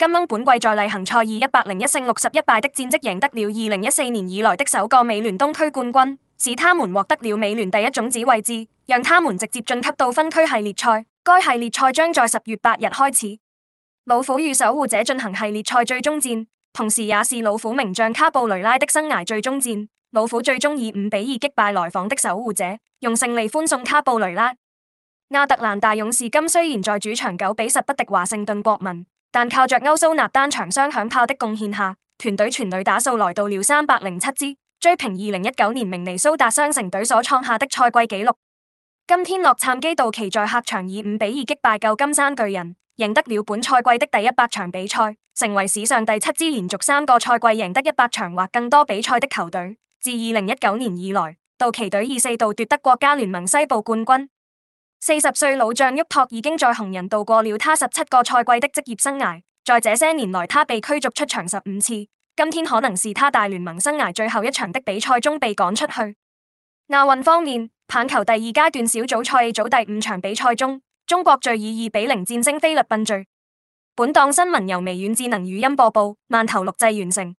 金鶯本季在例行賽以一百零一勝六十一敗的戰績贏得了二零一四年以來的首個美聯東區冠軍，使他們獲得了美聯第一種子位置，讓他們直接晉級到分區系列賽。該系列賽將在十月八日開始，老虎與守護者進行系列賽最終戰，同時也是老虎名將卡布雷拉的生涯最終戰。老虎最終以五比二擊敗來訪的守護者，用勝利歡送卡布雷拉。亞特蘭大勇士今雖然在主場九比十不敵華盛頓國民，但靠着歐蘇納單場雙響炮的貢獻下，團隊全隊打數來到了三百零七支，追平二零一九年明尼蘇達雙城隊所創下的賽季紀錄。今天洛杉磯道奇在客場以五比二擊敗舊金山巨人，贏得了本賽季的第一百場比賽，成為史上第七支連續三個賽季贏得一百場或更多比賽的球隊。自二零一九年以來，道奇隊以四度奪得國家聯盟西部冠軍。四十歲老將沃拓已經在紅人度過了他十七個賽季的職業生涯。在這些年來，他被驅逐出場十五次。今天可能是他大聯盟生涯最後一場的比賽中被趕出去。亞運方面，棒球第二階段小組賽組第五場比賽中，中國隊以二比零戰勝菲律賓隊。本檔新聞由微軟智能語音播報，慢頭錄製完成。